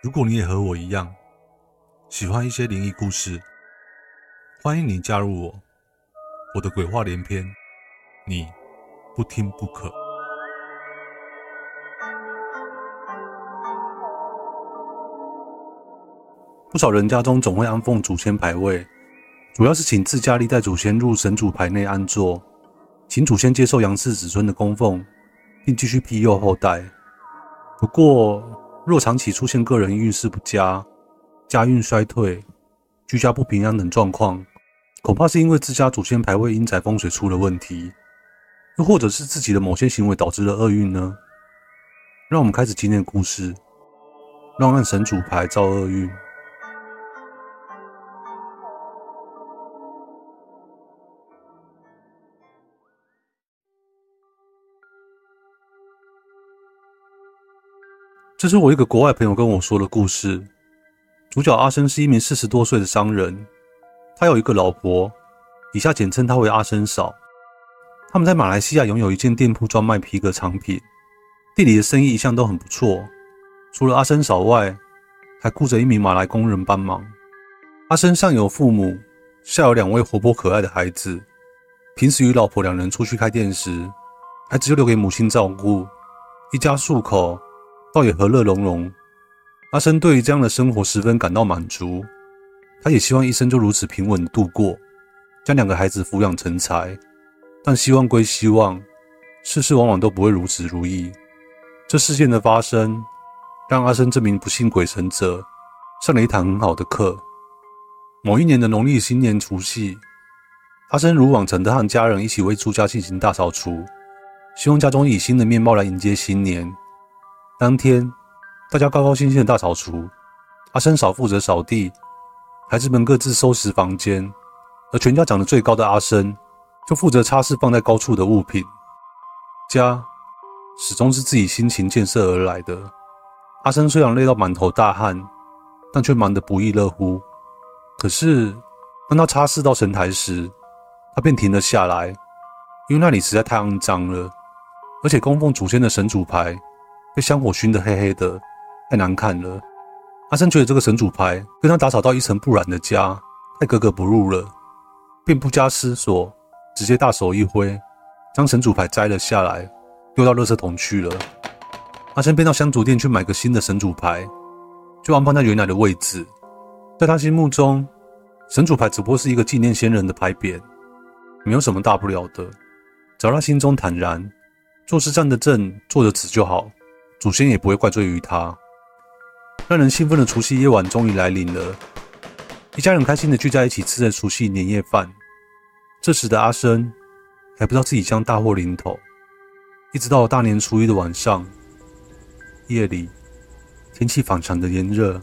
如果你也和我一樣喜歡一些靈異故事，歡迎你加入我。我的鬼話連篇，你不聽不可。不少人家中總會安奉祖先牌位，主要是請自家歷代祖先入神主牌內安坐，請祖先接受陽世子孫的供奉，並繼續庇佑後代。不過，若長期出現個人運勢不佳、家運衰退、居家不平安等狀況，恐怕是因為自家祖先牌位陰宅風水出了問題，又或者是自己的某些行為導致了厄運呢？讓我們開始今天的故事，讓安神主牌造厄運。這是我一個國外朋友跟我說的故事。主角阿生是一名四十多歲的商人，他有一個老婆，以下簡稱他為阿生嫂。他們在馬來西亞擁有一間店鋪，專賣皮革產品，店裡的生意一向都很不錯。除了阿生嫂外，還雇着一名馬來工人幫忙。阿生上有父母，下有兩位活潑可愛的孩子。平時與老婆兩人出去開店時，孩子就留給母親照顧，一家四口，倒也和樂融融，阿生對於這樣的生活十分感到滿足，他也希望一生就如此平穩度過，將兩個孩子撫養成才。但希望歸希望，世事往往都不會如此如意。這事件的發生，讓阿生這名不信鬼神者上了一堂很好的課。某一年的農曆新年除夕，阿生如往常的和家人一起為住家進行大掃除，希望家中以新的面貌來迎接新年。當天，大家高高興興的大掃除。阿生嫂負責掃地，孩子們各自收拾房間，而全家長得最高的阿生就負責擦拭放在高處的物品。家，始終是自己辛勤建設而來的。阿生雖然累到滿頭大汗，但卻忙得不亦樂乎。可是，當他擦拭到神台時，他便停了下來，因為那裡實在太骯髒了，而且供奉祖先的神主牌，被香火熏得黑黑的，太難看了。阿生覺得這個神主牌跟他打掃到一塵不染的家太格格不入了，便不加思索，直接大手一揮，將神主牌摘了下來，丟到垃圾桶去了。阿生便到香燭店去買個新的神主牌，就安放在原來的位置。在他心目中，神主牌只不過是一個紀念先人的牌匾，沒有什麼大不了的。只要他心中坦然，做事站得正，坐得直就好。祖先也不會怪罪於他。讓人興奮的除夕夜晚終於來臨了，一家人開心的聚在一起吃着除夕年夜飯。這時的阿生還不知道自己將大禍臨頭，一直到了大年初一的晚上，夜裡天氣反常的炎熱，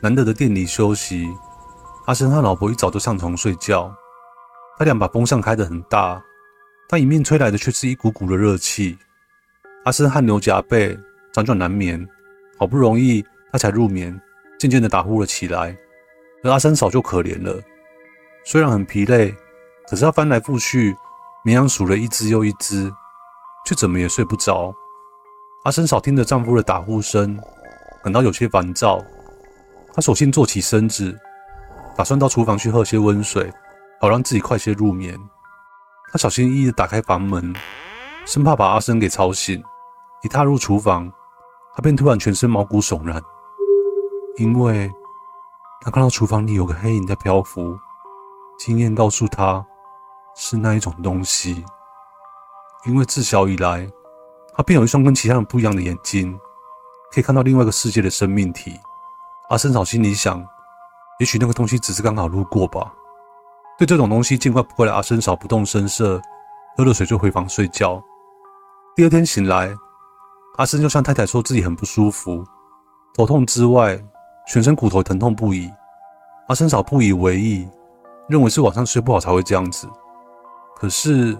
難得的店裡休息，阿生和老婆一早就上床睡覺。他倆把風扇開的很大，但迎面吹來的卻是一股股的熱氣。阿生汗流浹背，輾轉難眠，好不容易他才入眠，漸漸地打呼了起來。而阿生嫂就可憐了，雖然很疲累，可是他翻來覆去，綿羊數了一隻又一隻，卻怎麼也睡不着。阿生嫂聽着丈夫的打呼聲，感到有些煩躁。她索性坐起身子，打算到廚房去喝些溫水，好讓自己快些入眠。她小心翼翼地打開房門，生怕把阿生給吵醒。一踏入廚房，他便突然全身毛骨悚然，因為他看到廚房裡有個黑影在漂浮。經驗告訴他，是那一種東西。因為自小以來，他便有一雙跟其他人不一樣的眼睛，可以看到另外一個世界的生命體。阿森嫂心裡想：也許那個東西只是剛好路過吧。對這種東西見怪不怪的阿森嫂不動聲色，喝了水就回房睡覺。第二天醒來。阿生就向太太說自己很不舒服，頭痛之外，全身骨頭疼痛不已。阿生嫂不以為意，認為是晚上睡不好才會這樣子。可是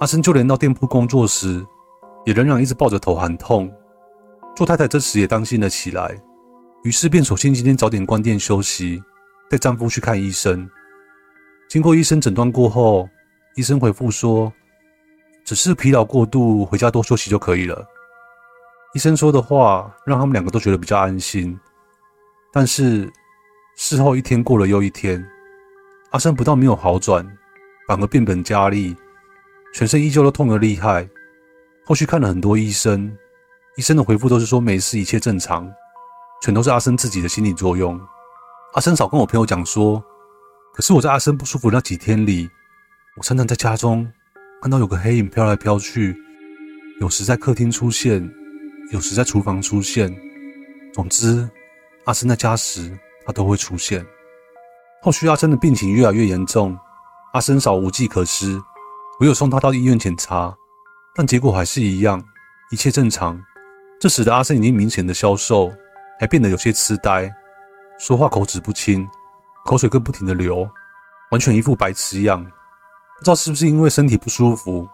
阿生就連到店鋪工作時，也仍然一直抱着頭喊痛。做太太這時也擔心了起來，於是便索性今天早點關店休息，帶丈夫去看醫生。經過醫生診斷過後，醫生回復說，只是疲勞過度，回家多休息就可以了。醫生說的話讓他們兩個都覺得比較安心，但是事後一天過了又一天，阿生不但沒有好轉，反而變本加厲，全身依舊都痛得厲害。後續看了很多醫生，醫生的回復都是說沒事，一切正常，全都是阿生自己的心理作用。阿生少跟我朋友講說，可是我在阿生不舒服那幾天裡，我常常在家中看到有個黑影飄來飄去，有時在客廳出現。有時在廚房出現，總之，阿生在家時，他都會出現。後續阿生的病情越來越嚴重，阿生嫂無計可施，唯有送他到醫院檢查，但結果還是一樣，一切正常。這時的阿生已經明顯的消瘦，還變得有些痴呆，說話口齒不清，口水更不停的流，完全一副白痴樣。不知道是不是因為身體不舒服，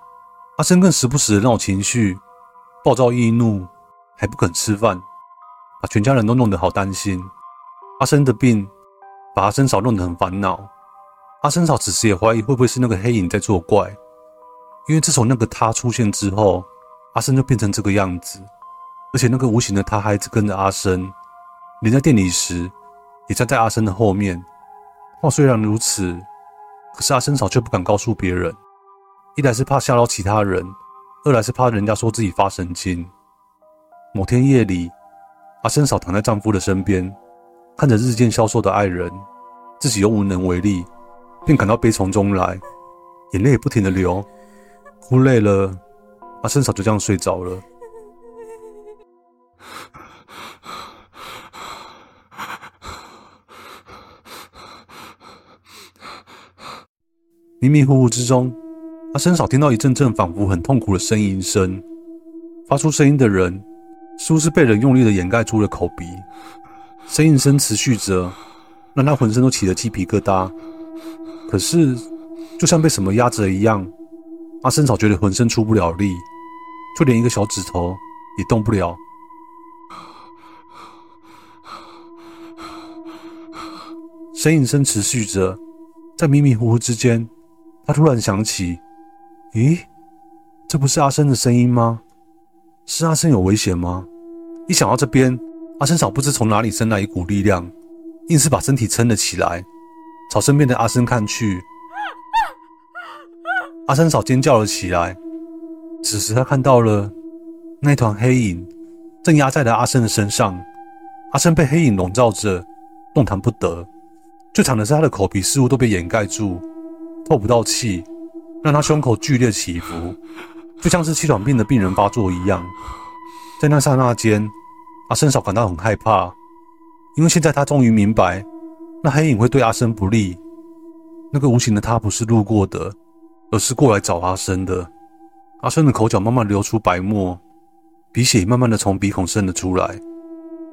阿生更時不時的鬧情緒，暴躁易怒。還不肯吃飯，把全家人都弄得好擔心。阿生的病把阿生嫂弄得很煩惱。阿生嫂此時也懷疑會不會是那個黑影在作怪，因為自從那個他出現之後，阿生就變成這個樣子。而且那個無形的他，還一直跟着阿生，連在店裡時，也站在阿生的後面。話雖然如此，可是阿生嫂卻不敢告訴別人，一來是怕嚇到其他人，二來是怕人家說自己發神經。某天夜裡，阿森嫂躺在丈夫的身邊，看着日漸消瘦的愛人，自己又無能為力，便感到悲從中來，眼淚不停的流，哭累了，阿森嫂就這樣睡着了。 迷迷糊糊之中，阿森嫂聽到一陣陣仿佛很痛苦的呻吟聲，發出聲音的人。似乎是被人用力的掩蓋住了口鼻，呻吟聲持續着，讓他渾身都起了雞皮疙瘩。可是，就像被什麼壓着一樣，阿生嫂覺得渾身出不了力，就連一個小指頭也動不了。呻吟聲持續着，在迷迷糊糊之間，他突然想起：“咦，這不是阿生的聲音嗎？”是阿生有危險嗎？一想到這邊，阿生嫂不知從哪裡生來一股力量，硬是把身體撐了起來，朝身邊的阿生看去。阿生嫂尖叫了起來。此時她看到了那團黑影，正壓在了阿生的身上。阿生被黑影籠罩着，動彈不得。最慘的是，他的口鼻似乎都被掩蓋住，透不到氣，讓他胸口劇烈起伏。就像是氣喘病的病人發作一樣，在那剎那間，阿生嫂感到很害怕，因為現在她終於明白，那黑影會對阿生不利。那個無形的他不是路過的，而是過來找阿生的。阿生的，的口角慢慢流出白沫，鼻血也慢慢的從鼻孔滲了出來，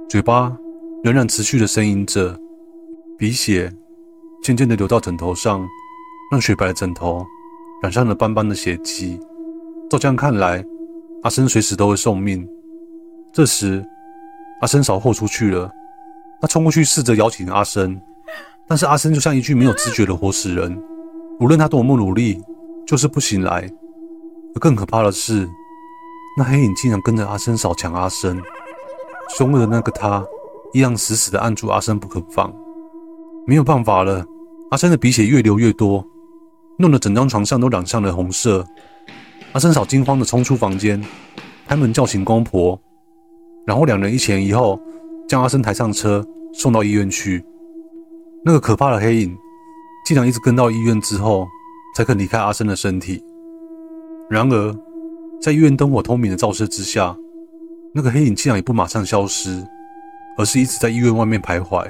嘴巴仍然持續的呻吟着，鼻血漸漸的流到枕頭上，讓雪白的枕頭染上了斑斑的血迹。照這樣看來，阿生隨時都會送命。這時，阿生嫂豁出去了，她衝過去試着搖醒阿生，但是阿生就像一具沒有知覺的活死人，無論她多麼努力，就是不醒來。而更可怕的是，那黑影竟然跟着阿生嫂搶阿生，兇惡的那個他，一樣死死地按住阿生不肯放。沒有辦法了，阿生的鼻血越流越多，弄得整張床上都染上了紅色。阿生嫂驚慌地衝出房間，開門叫醒公婆，然後兩人一前一後將阿生抬上車，送到醫院去。那個可怕的黑影，竟然一直跟到醫院之後，才肯離開阿生的身體。然而，在醫院燈火通明的照射之下，那個黑影竟然也不馬上消失，而是一直在醫院外面徘徊。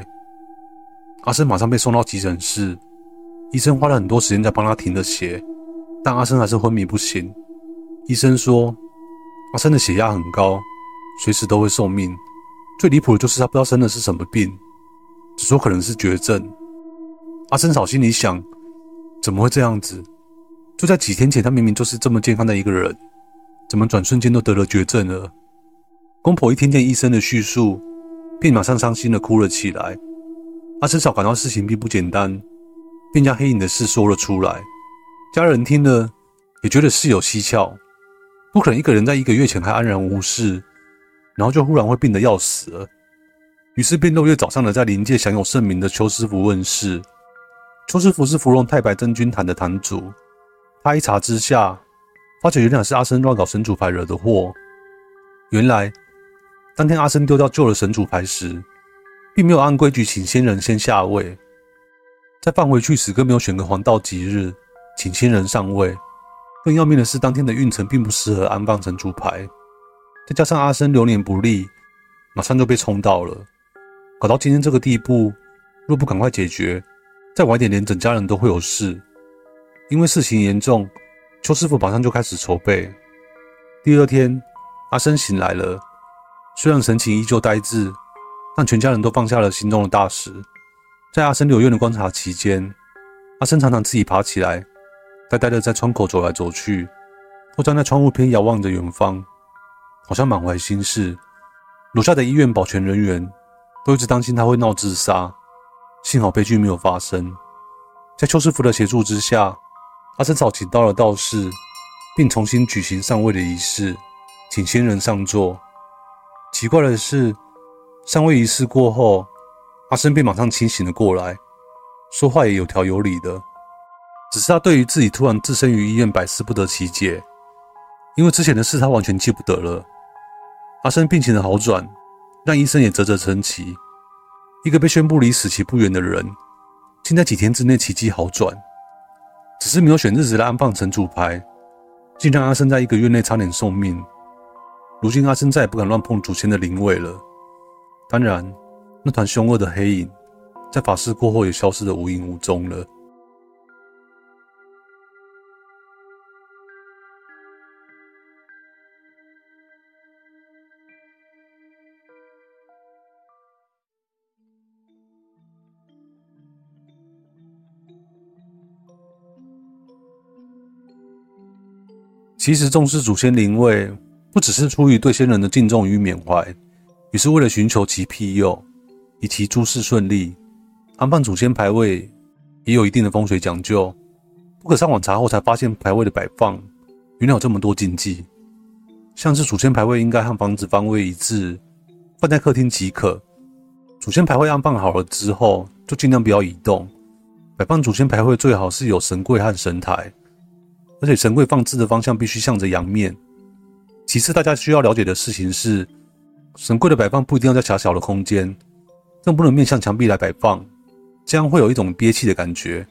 阿生馬上被送到急診室，醫生花了很多時間在幫他停了血，但阿生還是昏迷不醒。醫生說，阿生的血壓很高，隨時都會送命。最離譜的就是他不知道生的是什麼病，只說可能是絕症。阿生嫂心裡想，怎麼會這樣子？就在幾天前，他明明就是這麼健康的一個人，怎麼轉瞬間都得了絕症了？公婆一聽見醫生的敘述，便馬上傷心的哭了起來。阿生嫂感到事情並不簡單，便將黑影的事說了出來。家人聽了，也覺得事有蹊蹺。不可能一個人在一個月前還安然無事，然後就忽然會病得要死了。於是便六月找上了在靈界享有盛名的邱師傅問事。邱師傅是芙蓉太白真君壇的壇主，他一查之下，發覺原來是阿生亂搞神主牌惹的禍。原來當天阿生丟掉舊的神主牌時，並沒有按規矩請先人先下位，再放回去時更沒有選個黃道吉日請先人上位。更要命的是，當天的運程並不適合安放神主牌，再加上阿生流年不利，馬上就被沖到了，搞到今天這個地步，若不趕快解決，再晚點連整家人都會有事。因為事情嚴重，邱師傅馬上就開始籌備。第二天，阿生醒來了，雖然神情依舊呆滯，但全家人都放下了心中的大石。在阿生留院的觀察期間，阿生常常自己爬起來。呆呆的在窗口走來走去，或站在窗戶邊遙望着遠方，好像滿懷心事。樓下的醫院保全人員都一直擔心他會鬧自殺，幸好悲劇沒有發生。在邱師傅的協助之下，阿生早請到了道士，並重新舉行上位的儀式，請先人上座。奇怪的是，上位儀式過後，阿生便馬上清醒了過來，說話也有條有理的。只是他對於自己突然置身於醫院百思不得其解，因為之前的事他完全記不得了。阿生病情的好轉讓醫生也嘖嘖稱奇，一個被宣布離死期不遠的人，竟在幾天之內奇蹟好轉。只是沒有選日子來安放神主牌，竟讓阿生在一個月內差點送命。如今阿生再也不敢亂碰祖先的靈位了。當然，那團兇惡的黑影在法事過後也消失得無影無蹤了。其實重視祖先靈位，不只是出於對先人的敬重與緬懷，也是為了尋求其庇佑，以祈諸事順利。安放祖先牌位也有一定的風水講究，不可上網查後才發現牌位的擺放，原來有這麼多禁忌。像是祖先牌位應該和房子方位一致，放在客廳即可。祖先牌位安放好了之後，就盡量不要移動。擺放祖先牌位最好是有神櫃和神台。而且神櫃放置的方向必須向着陽面。其次，大家需要了解的事情是，神櫃的擺放不一定要在狹小的空間，更不能面向牆壁來擺放，這樣會有一種憋氣的感覺，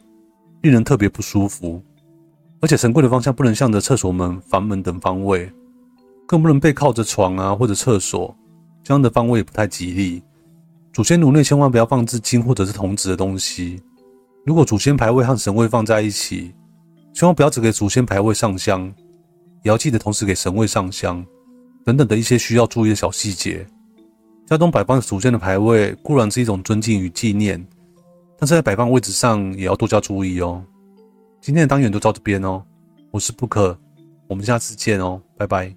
令人特別不舒服。而且神櫃的方向不能向着廁所門、房門等方位，更不能背靠着床啊或者廁所，這樣的方位也不太吉利。祖先爐內千萬不要放置金或者是銅子的東西。如果祖先牌位和神位放在一起，千萬不要只給祖先牌位上香，也要記得同時給神位上香，等等的一些需要注意的小細節。家中擺放祖先的牌位固然是一種尊敬與紀念，但是在擺放位置上也要多加注意哦。今天的單元就到這邊哦，我是布克，我們下次見哦，拜拜。